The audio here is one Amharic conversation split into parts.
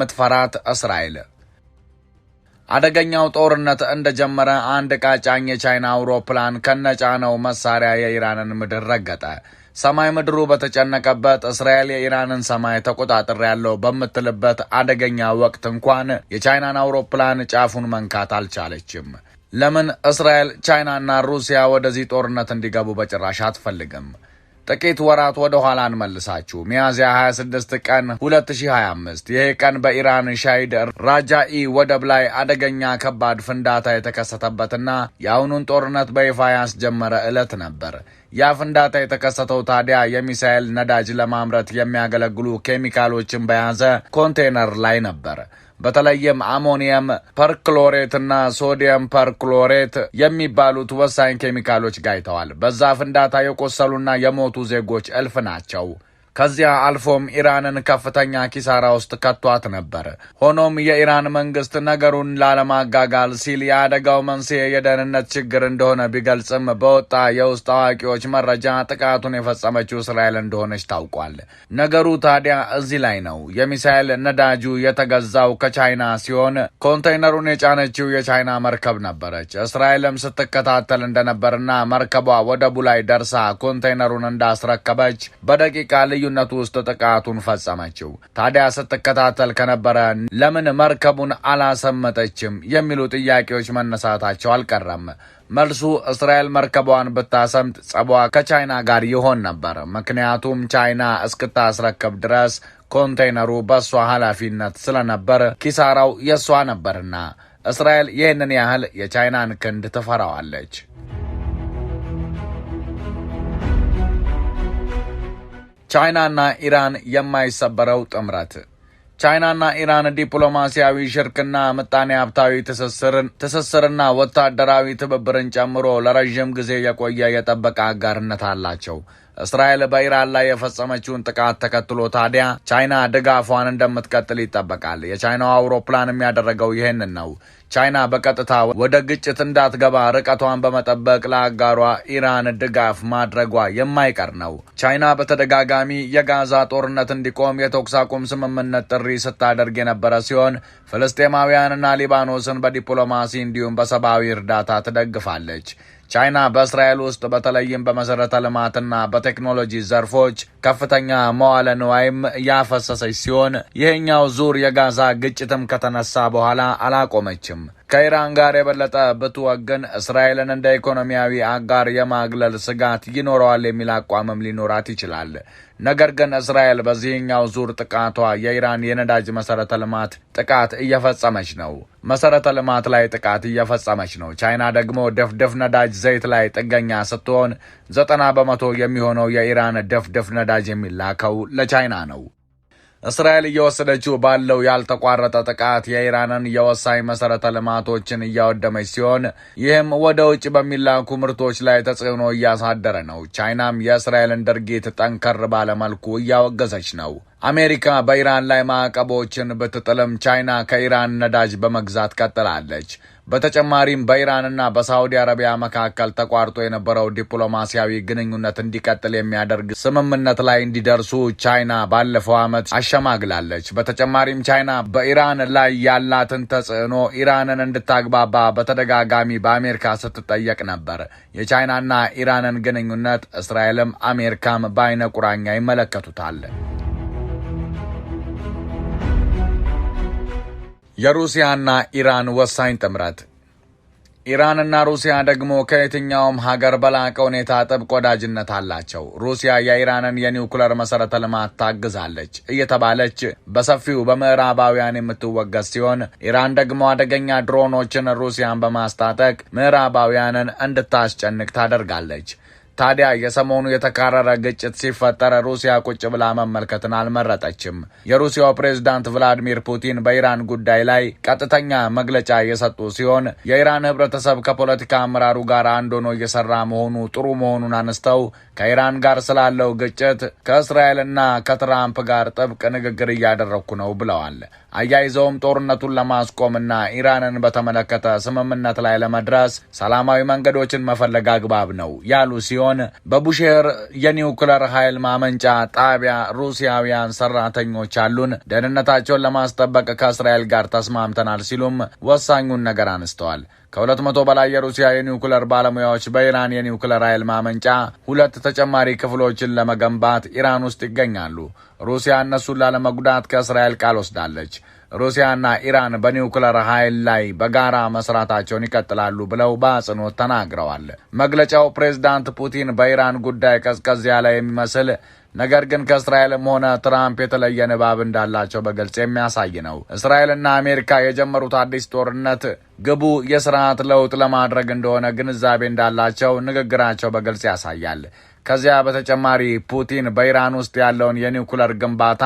የምትፈራት እስራኤል አደገኛው ጦርነት እንደጀመረ አንድ ቃጫኝ ጫኝ የቻይና አውሮፕላን ከነጫነው መሳሪያ የኢራንን ምድር ረገጠ። ሰማይ ምድሩ በተጨነቀበት እስራኤል የኢራንን ሰማይ ተቆጣጠር ያለው በምትልበት አደገኛ ወቅት እንኳን የቻይናን አውሮፕላን ጫፉን መንካት አልቻለችም። ለምን? እስራኤል ቻይናና ሩሲያ ወደዚህ ጦርነት እንዲገቡ በጭራሽ አትፈልግም። ጥቂት ወራት ወደ ኋላ እንመልሳችሁ። ሚያዝያ 26 ቀን 2025 ይህ ቀን በኢራን ሻይድ ራጃኢ ወደብ ላይ አደገኛ ከባድ ፍንዳታ የተከሰተበትና የአሁኑን ጦርነት በይፋ ያስጀመረ ዕለት ነበር። ያ ፍንዳታ የተከሰተው ታዲያ የሚሳኤል ነዳጅ ለማምረት የሚያገለግሉ ኬሚካሎችን በያዘ ኮንቴነር ላይ ነበር። በተለይም አሞኒየም ፐርክሎሬት እና ሶዲየም ፐርክሎሬት የሚባሉት ወሳኝ ኬሚካሎች ጋይተዋል። በዛ ፍንዳታ የቆሰሉና የሞቱ ዜጎች እልፍ ናቸው። ከዚያ አልፎም ኢራንን ከፍተኛ ኪሳራ ውስጥ ከቷት ነበር። ሆኖም የኢራን መንግስት ነገሩን ላለማጋጋል ሲል የአደጋው መንስኤ የደህንነት ችግር እንደሆነ ቢገልጽም በወጣ የውስጥ አዋቂዎች መረጃ ጥቃቱን የፈጸመችው እስራኤል እንደሆነች ታውቋል። ነገሩ ታዲያ እዚህ ላይ ነው። የሚሳኤል ነዳጁ የተገዛው ከቻይና ሲሆን ኮንቴይነሩን የጫነችው የቻይና መርከብ ነበረች። እስራኤልም ስትከታተል እንደነበርና መርከቧ ወደቡ ላይ ደርሳ ኮንቴይነሩን እንዳስረከበች በደቂቃ ልዩ ልዩነት ውስጥ ጥቃቱን ፈጸመችው። ታዲያ ስትከታተል ከነበረ ለምን መርከቡን አላሰመጠችም የሚሉ ጥያቄዎች መነሳታቸው አልቀረም። መልሱ እስራኤል መርከቧን ብታሰምጥ ጸቧ ከቻይና ጋር ይሆን ነበር። ምክንያቱም ቻይና እስክታስረክብ ድረስ ኮንቴይነሩ በእሷ ኃላፊነት ስለነበር ኪሳራው የእሷ ነበርና እስራኤል ይህንን ያህል የቻይናን ክንድ ትፈራዋለች። ቻይናና ኢራን የማይሰበረው ጥምረት ቻይናና ኢራን ዲፕሎማሲያዊ ሽርክና፣ ምጣኔ ሀብታዊ ትስስርና ወታደራዊ ትብብርን ጨምሮ ለረዥም ጊዜ የቆየ የጠበቀ አጋርነት አላቸው። እስራኤል በኢራን ላይ የፈጸመችውን ጥቃት ተከትሎ ታዲያ ቻይና ድጋፏን እንደምትቀጥል ይጠበቃል። የቻይናው አውሮፕላን የሚያደረገው ይህንን ነው። ቻይና በቀጥታ ወደ ግጭት እንዳትገባ ርቀቷን በመጠበቅ ለአጋሯ ኢራን ድጋፍ ማድረጓ የማይቀር ነው። ቻይና በተደጋጋሚ የጋዛ ጦርነት እንዲቆም የተኩስ አቁም ስምምነት ጥሪ ስታደርግ የነበረ ሲሆን ፍልስጤማውያንና ሊባኖስን በዲፕሎማሲ እንዲሁም በሰብአዊ እርዳታ ትደግፋለች። ቻይና በእስራኤል ውስጥ በተለይም በመሠረተ ልማትና በቴክኖሎጂ ዘርፎች ከፍተኛ መዋለ ንዋይም ያፈሰሰች ሲሆን ይህኛው ዙር የጋዛ ግጭትም ከተነሳ በኋላ አላቆመችም። ከኢራን ጋር የበለጠ ብትወግን እስራኤልን እንደ ኢኮኖሚያዊ አጋር የማግለል ስጋት ይኖረዋል የሚል አቋምም ሊኖራት ይችላል። ነገር ግን እስራኤል በዚህኛው ዙር ጥቃቷ የኢራን የነዳጅ መሰረተ ልማት ጥቃት እየፈጸመች ነው መሰረተ ልማት ላይ ጥቃት እየፈጸመች ነው። ቻይና ደግሞ ድፍድፍ ነዳጅ ዘይት ላይ ጥገኛ ስትሆን ዘጠና በመቶ የሚሆነው የኢራን ድፍድፍ ነዳጅ የሚላከው ለቻይና ነው። እስራኤል እየወሰደችው ባለው ያልተቋረጠ ጥቃት የኢራንን የወሳኝ መሠረተ ልማቶችን እያወደመች ሲሆን ይህም ወደ ውጭ በሚላኩ ምርቶች ላይ ተጽዕኖ እያሳደረ ነው። ቻይናም የእስራኤልን ድርጊት ጠንከር ባለመልኩ እያወገዘች ነው። አሜሪካ በኢራን ላይ ማዕቀቦችን ብትጥልም ቻይና ከኢራን ነዳጅ በመግዛት ቀጥላለች። በተጨማሪም በኢራንና በሳዑዲ አረቢያ መካከል ተቋርጦ የነበረው ዲፕሎማሲያዊ ግንኙነት እንዲቀጥል የሚያደርግ ስምምነት ላይ እንዲደርሱ ቻይና ባለፈው ዓመት አሸማግላለች። በተጨማሪም ቻይና በኢራን ላይ ያላትን ተጽዕኖ ኢራንን እንድታግባባ በተደጋጋሚ በአሜሪካ ስትጠየቅ ነበር። የቻይናና ኢራንን ግንኙነት እስራኤልም አሜሪካም በአይነ ቁራኛ ይመለከቱታል። የሩሲያና ኢራን ወሳኝ ጥምረት። ኢራንና ሩሲያ ደግሞ ከየትኛውም ሀገር በላቀ ሁኔታ ጥብቅ ወዳጅነት አላቸው። ሩሲያ የኢራንን የኒውክለር መሰረተ ልማት ታግዛለች እየተባለች በሰፊው በምዕራባውያን የምትወገዝ ሲሆን ኢራን ደግሞ አደገኛ ድሮኖችን ሩሲያን በማስታጠቅ ምዕራባውያንን እንድታስጨንቅ ታደርጋለች። ታዲያ የሰሞኑ የተካረረ ግጭት ሲፈጠር ሩሲያ ቁጭ ብላ መመልከትን አልመረጠችም። የሩሲያው ፕሬዝዳንት ቭላዲሚር ፑቲን በኢራን ጉዳይ ላይ ቀጥተኛ መግለጫ የሰጡ ሲሆን የኢራን ህብረተሰብ ከፖለቲካ አመራሩ ጋር አንድ ሆኖ እየሰራ መሆኑ ጥሩ መሆኑን አነስተው ከኢራን ጋር ስላለው ግጭት ከእስራኤልና ከትራምፕ ጋር ጥብቅ ንግግር እያደረግኩ ነው ብለዋል። አያይዘውም ጦርነቱን ለማስቆምና ኢራንን በተመለከተ ስምምነት ላይ ለመድረስ ሰላማዊ መንገዶችን መፈለግ አግባብ ነው ያሉ ሲሆን ሲሆን በቡሼር የኒውክለር ኃይል ማመንጫ ጣቢያ ሩሲያውያን ሰራተኞች አሉን፣ ደህንነታቸውን ለማስጠበቅ ከእስራኤል ጋር ተስማምተናል ሲሉም ወሳኙን ነገር አንስተዋል። ከሁለት መቶ በላይ የሩሲያ የኒውክለር ባለሙያዎች በኢራን የኒውክለር ኃይል ማመንጫ ሁለት ተጨማሪ ክፍሎችን ለመገንባት ኢራን ውስጥ ይገኛሉ። ሩሲያ እነሱን ላለመጉዳት ከእስራኤል ቃል ወስዳለች። ሩሲያና ኢራን በኒውክለር ኃይል ላይ በጋራ መስራታቸውን ይቀጥላሉ ብለው በአጽንኦት ተናግረዋል። መግለጫው ፕሬዝዳንት ፑቲን በኢራን ጉዳይ ቀዝቀዝ ያለ የሚመስል ነገር ግን ከእስራኤልም ሆነ ትራምፕ የተለየ ንባብ እንዳላቸው በግልጽ የሚያሳይ ነው። እስራኤልና አሜሪካ የጀመሩት አዲስ ጦርነት ግቡ የስርዓት ለውጥ ለማድረግ እንደሆነ ግንዛቤ እንዳላቸው ንግግራቸው በግልጽ ያሳያል። ከዚያ በተጨማሪ ፑቲን በኢራን ውስጥ ያለውን የኒውክለር ግንባታ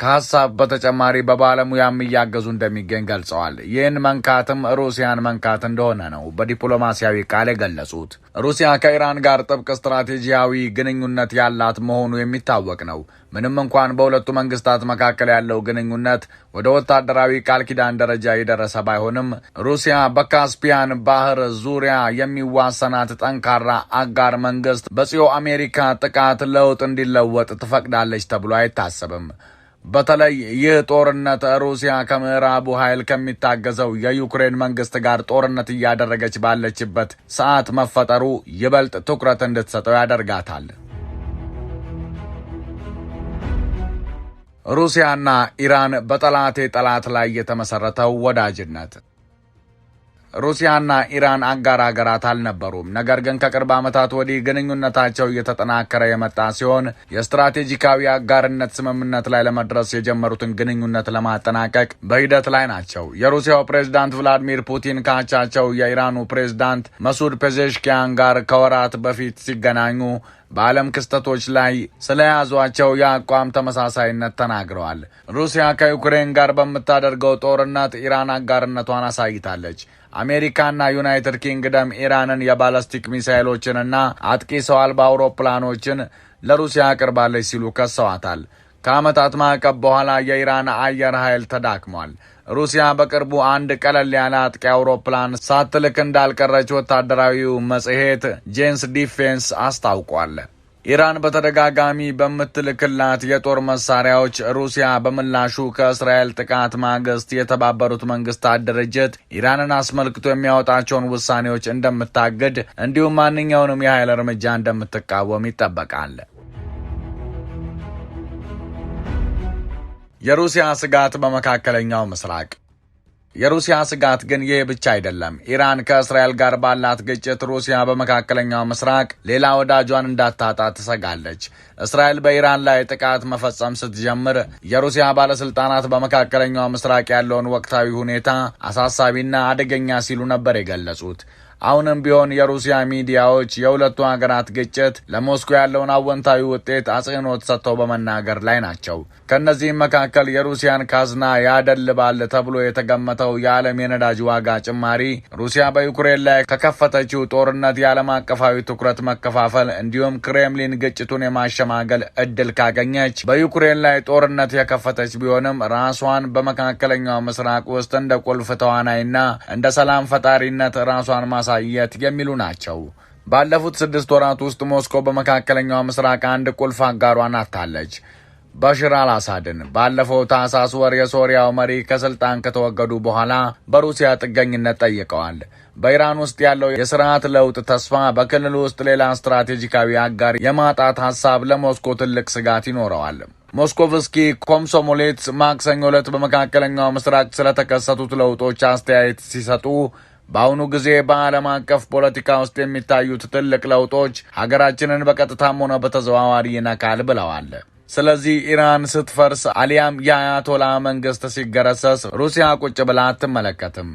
ከሀሳብ በተጨማሪ በባለሙያም እያገዙ እንደሚገኝ ገልጸዋል። ይህን መንካትም ሩሲያን መንካት እንደሆነ ነው በዲፕሎማሲያዊ ቃል የገለጹት። ሩሲያ ከኢራን ጋር ጥብቅ ስትራቴጂያዊ ግንኙነት ያላት መሆኑ የሚ የሚታወቅ ነው። ምንም እንኳን በሁለቱ መንግስታት መካከል ያለው ግንኙነት ወደ ወታደራዊ ቃል ኪዳን ደረጃ የደረሰ ባይሆንም ሩሲያ በካስፒያን ባህር ዙሪያ የሚዋሰናት ጠንካራ አጋር መንግስት በጽዮ አሜሪካ ጥቃት ለውጥ እንዲለወጥ ትፈቅዳለች ተብሎ አይታሰብም። በተለይ ይህ ጦርነት ሩሲያ ከምዕራቡ ኃይል ከሚታገዘው የዩክሬን መንግስት ጋር ጦርነት እያደረገች ባለችበት ሰዓት መፈጠሩ ይበልጥ ትኩረት እንድትሰጠው ያደርጋታል። ሩሲያና ኢራን በጠላቴ ጠላት ላይ የተመሰረተው ወዳጅነት። ሩሲያና ኢራን አጋር አገራት አልነበሩም። ነገር ግን ከቅርብ ዓመታት ወዲህ ግንኙነታቸው እየተጠናከረ የመጣ ሲሆን የስትራቴጂካዊ አጋርነት ስምምነት ላይ ለመድረስ የጀመሩትን ግንኙነት ለማጠናቀቅ በሂደት ላይ ናቸው። የሩሲያው ፕሬዝዳንት ቭላዲሚር ፑቲን ካቻቸው የኢራኑ ፕሬዝዳንት መሱድ ፔዜሽኪያን ጋር ከወራት በፊት ሲገናኙ በዓለም ክስተቶች ላይ ስለያዟቸው የአቋም ተመሳሳይነት ተናግረዋል። ሩሲያ ከዩክሬን ጋር በምታደርገው ጦርነት ኢራን አጋርነቷን አሳይታለች። አሜሪካና ዩናይትድ ኪንግደም ኢራንን የባለስቲክ ሚሳይሎችንና አጥቂ ሰው አልባ አውሮፕላኖችን ለሩሲያ አቅርባለች ሲሉ ከሰዋታል። ከዓመታት ማዕቀብ በኋላ የኢራን አየር ኃይል ተዳክሟል። ሩሲያ በቅርቡ አንድ ቀለል ያለ አጥቂ አውሮፕላን ሳትልክ እንዳልቀረች ወታደራዊው መጽሔት ጄንስ ዲፌንስ አስታውቋል። ኢራን በተደጋጋሚ በምትልክላት የጦር መሳሪያዎች ሩሲያ በምላሹ ከእስራኤል ጥቃት ማግስት የተባበሩት መንግስታት ድርጅት ኢራንን አስመልክቶ የሚያወጣቸውን ውሳኔዎች እንደምታግድ እንዲሁም ማንኛውንም የኃይል እርምጃ እንደምትቃወም ይጠበቃል። የሩሲያ ስጋት በመካከለኛው ምስራቅ የሩሲያ ስጋት ግን ይህ ብቻ አይደለም። ኢራን ከእስራኤል ጋር ባላት ግጭት ሩሲያ በመካከለኛው ምስራቅ ሌላ ወዳጇን እንዳታጣ ትሰጋለች። እስራኤል በኢራን ላይ ጥቃት መፈጸም ስትጀምር የሩሲያ ባለስልጣናት በመካከለኛው ምስራቅ ያለውን ወቅታዊ ሁኔታ አሳሳቢና አደገኛ ሲሉ ነበር የገለጹት። አሁንም ቢሆን የሩሲያ ሚዲያዎች የሁለቱ ሀገራት ግጭት ለሞስኮ ያለውን አወንታዊ ውጤት አጽንኦት ሰጥተው በመናገር ላይ ናቸው። ከእነዚህም መካከል የሩሲያን ካዝና ያደልባል ተብሎ የተገመተው የዓለም የነዳጅ ዋጋ ጭማሪ፣ ሩሲያ በዩክሬን ላይ ከከፈተችው ጦርነት የዓለም አቀፋዊ ትኩረት መከፋፈል፣ እንዲሁም ክሬምሊን ግጭቱን የማሸማገል እድል ካገኘች በዩክሬን ላይ ጦርነት የከፈተች ቢሆንም ራሷን በመካከለኛው ምስራቅ ውስጥ እንደ ቁልፍ ተዋናይና እንደ ሰላም ፈጣሪነት ራሷን ማ ማሳየት የሚሉ ናቸው። ባለፉት ስድስት ወራት ውስጥ ሞስኮ በመካከለኛው ምስራቅ አንድ ቁልፍ አጋሯን ናታለች። በሽር አልአሳድን ባለፈው ታህሳስ ወር የሶሪያው መሪ ከስልጣን ከተወገዱ በኋላ በሩሲያ ጥገኝነት ጠይቀዋል። በኢራን ውስጥ ያለው የስርዓት ለውጥ ተስፋ በክልል ውስጥ ሌላ ስትራቴጂካዊ አጋር የማጣት ሀሳብ ለሞስኮ ትልቅ ስጋት ይኖረዋል። ሞስኮቭስኪ ኮምሶሞሌት ማክሰኞ ዕለት በመካከለኛው ምስራቅ ስለተከሰቱት ለውጦች አስተያየት ሲሰጡ በአሁኑ ጊዜ በዓለም አቀፍ ፖለቲካ ውስጥ የሚታዩት ትልቅ ለውጦች ሀገራችንን በቀጥታም ሆነ በተዘዋዋሪ ይነካል ብለዋል። ስለዚህ ኢራን ስትፈርስ አሊያም የአያቶላ መንግስት ሲገረሰስ ሩሲያ ቁጭ ብላ አትመለከትም።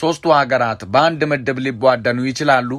ሶስቱ ሀገራት በአንድ ምድብ ሊቧደኑ ይችላሉ?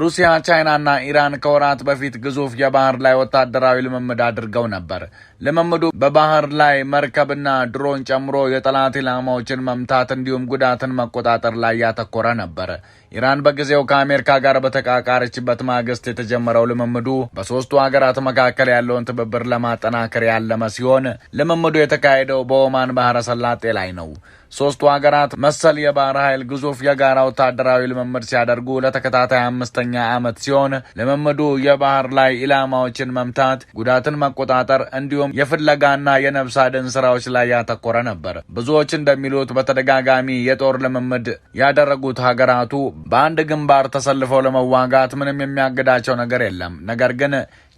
ሩሲያ፣ ቻይናና ኢራን ከወራት በፊት ግዙፍ የባህር ላይ ወታደራዊ ልምምድ አድርገው ነበር። ልምምዱ በባህር ላይ መርከብና ድሮን ጨምሮ የጠላት ኢላማዎችን መምታት እንዲሁም ጉዳትን መቆጣጠር ላይ ያተኮረ ነበር። ኢራን በጊዜው ከአሜሪካ ጋር በተቃቃረችበት ማግስት የተጀመረው ልምምዱ በሦስቱ ሀገራት መካከል ያለውን ትብብር ለማጠናከር ያለመ ሲሆን ልምምዱ የተካሄደው በኦማን ባህረ ሰላጤ ላይ ነው። ሶስቱ ሀገራት መሰል የባህር ኃይል ግዙፍ የጋራ ወታደራዊ ልምምድ ሲያደርጉ ለተከታታይ አምስተኛ ዓመት ሲሆን ልምምዱ የባህር ላይ ኢላማዎችን መምታት፣ ጉዳትን መቆጣጠር እንዲሁም የፍለጋና የነፍስ አድን ስራዎች ላይ ያተኮረ ነበር። ብዙዎች እንደሚሉት በተደጋጋሚ የጦር ልምምድ ያደረጉት ሀገራቱ በአንድ ግንባር ተሰልፈው ለመዋጋት ምንም የሚያግዳቸው ነገር የለም። ነገር ግን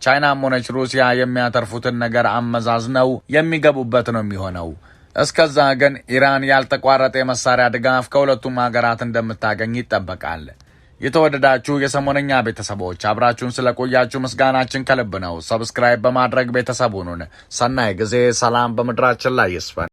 ቻይናም ሆነች ሩሲያ የሚያተርፉትን ነገር አመዛዝነው የሚገቡበት ነው የሚሆነው። እስከዛ ግን ኢራን ያልተቋረጠ የመሳሪያ ድጋፍ ከሁለቱም ሀገራት እንደምታገኝ ይጠበቃል። የተወደዳችሁ የሰሞነኛ ቤተሰቦች አብራችሁን ስለቆያችሁ ምስጋናችን ከልብ ነው። ሰብስክራይብ በማድረግ ቤተሰቡን ሰናይ ጊዜ። ሰላም በምድራችን ላይ ይስፈን።